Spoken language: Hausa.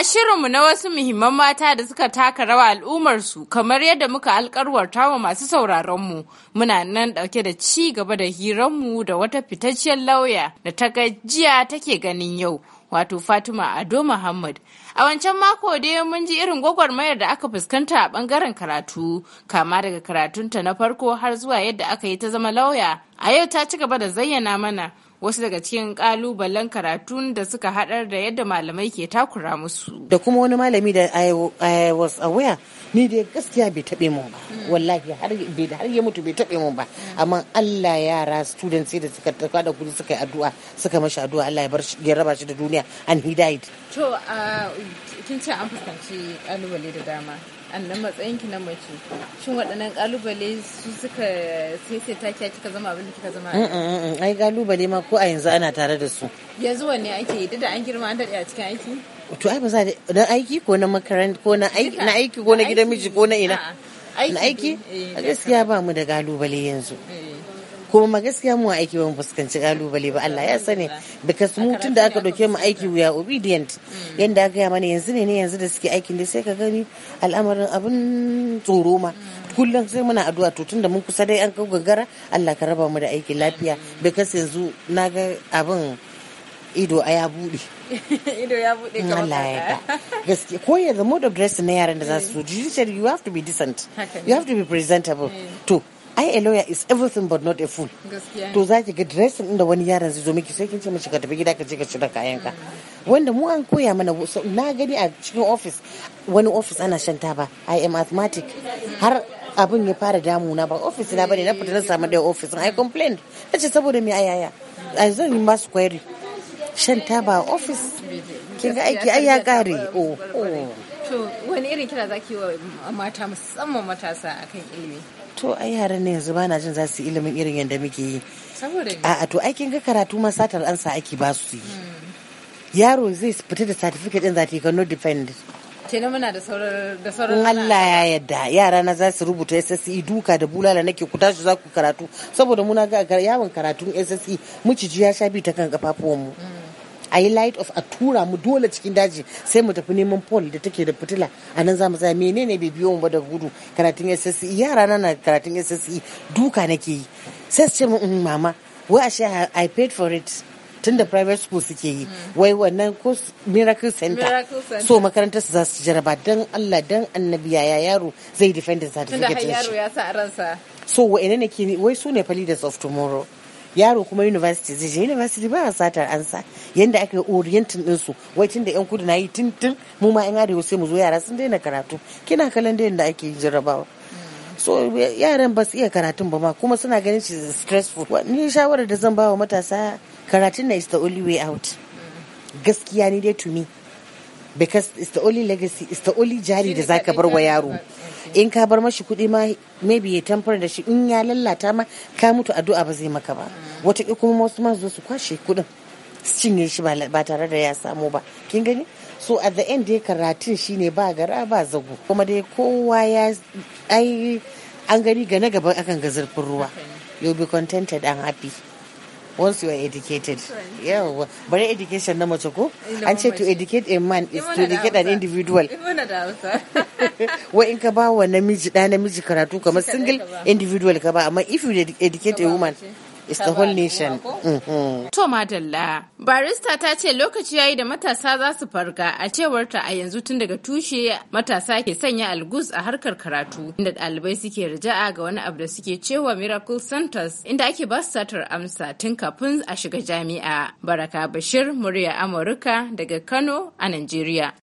A shirinmu na wasu muhimman mata da suka taka rawa al'ummarsu kamar yadda muka alkarwarta wa masu sauraronmu muna nan ɗauke da ci gaba da hiranmu da wata fitacciyar lauya da ta gajiya take ganin yau. wato Fatima Ado Muhammad. A wancan mako dai mun ji irin gwagwarmayar da aka fuskanta a bangaren karatu, kama daga karatunta na farko har zuwa yadda aka yi ta zama lauya. A yau ta ci gaba da zayyana mana wasu daga cikin kalubalen karatun da suka haɗar da yadda malamai ke takura musu. Da kuma wani malami da I was aware ni dai gaskiya bai taɓe mun ba wallahi har ya mutu bai taɓe mun ba amma Allah yara students da suka tafa da kudi suka yi addu'a suka mashi addu'a Allah ya bar ya raba shi da duniya and he died. To uh, kin ce an fuskanci kalubale da dama annan matsayin ki na mace shin waɗannan kalubale su suka sai ta kiya kika zama abin da kika zama mm, mm, mm, ai kalubale ma ko a yanzu ana tare da su yanzu wanne ake yi duk da an girma an daɗe a cikin aiki to ai ba za na aiki ko na makaranta ko na aiki na aiki ko na gidan miji ko na ina na aiki eh, a gaskiya ba mu da kalubale yanzu eh. kuma ma gaskiya mu aiki ba mu fuskanci kalubale ba Allah ya sani because mu tun da aka dauke mu aiki we are obedient mm. yanda aka ya mana yanzu ne ne yanzu da suke aikin da sai ka gani al'amarin abin tsoro ma mm. kullum sai muna addu'a to tunda mun kusa dai an kau gagara Allah ka raba mu da aiki lafiya mm. because yanzu na ga abin ido a ya bude ido ya bude kamar Allah ya ga gaskiya ko yanzu mode of dress na yaran da za su so you have to be decent you have to be presentable to ai a lawyer is everything but not a fool to za ki ga dressing inda wani yaran zai zo miki sai kin ce mishi ka tafi gida ka je ka cire kayan ka wanda mu an koya mana na gani a cikin office wani office ana shan taba i am asthmatic har abin ya fara damuna ba office na bane na fita na samu da office i complained nace saboda me ayaya a zan yi masu query shan taba a office kin ga aiki ai ya kare oh, oh. wani irin kira zaki wa mata musamman matasa akan ilimi to ai yaran ne yanzu bana jin za su ilimin irin yadda muke yi a'a to aikin ga karatu ma satar ansa ake ba su yi yaro zai fita da certificate din zati yi ka no defend kenan muna da sauran da in Allah ya yadda yara na za su rubuta SSE duka da bulala nake ku tashi za ku karatu saboda muna ga yawon karatun SSE muciji ya sha bi ta kan kafafuwan mu mm. a yi light off a tura mu dole cikin daji sai mu tafi neman pole da take da fitila a nan za mu tsaya menene bai biyo mu ba da gudu karatun SSE yara na na karatun SSE duka nake yi sai su ce min mm, mama wai ashe I paid for it tun da private school suke yi mm. wai wannan ko miracle center so makarantar su za su jaraba dan Allah dan annabi yaya yaro zai defend certificate tun da yaro ya sa ransa so wa'ina ne ke wai su ne fa soft of tomorrow yaro kuma university zai je university ba a satar ansa yanda aka yi orientin din su wai tun da yan kudu na yi tun tun mu ma yan arewa sai mu zo yara sun daina karatu kina kalan da yadda ake jarrabawa so yaran ba su iya karatun ba ma kuma suna ganin shi stressful ni shawarar da zan ba wa matasa karatun na is the only way out gaskiya ni dai to me because it's the only legacy it's the only jari da zaka bar wa yaro eh, eh. in ka bar mashi kuɗi ma maybe ya tamfar da shi in ya lallata ma ka mutu addu'a ba zai maka ba mm. wata kuma wasu ma zo su kwashe kuɗin su cinye shi ba tare da ya samu ba kin gani so at the end dai karatun shine ba gara ba zago kuma dai kowa ya ai an gani ga na gaba akan ga ruwa you'll be contented and happy once you are educated yawa bari education na mace ko an ce to educate a man is to educate an individual wa in ka ba wa namiji da namiji karatu kamar single individual ka ba amma if you educate a woman It's the whole nation. Mm-hmm. To madalla. Barista ta ce lokaci yayi da matasa za su farga a cewarta a yanzu tun daga tushe matasa ke sanya algus a harkar karatu inda ɗalibai suke rija'a ga wani abu da suke cewa miracle centers inda ake ba su satar amsa tun kafin a shiga jami'a. Baraka Bashir, murya Amurka daga Kano a Najeriya.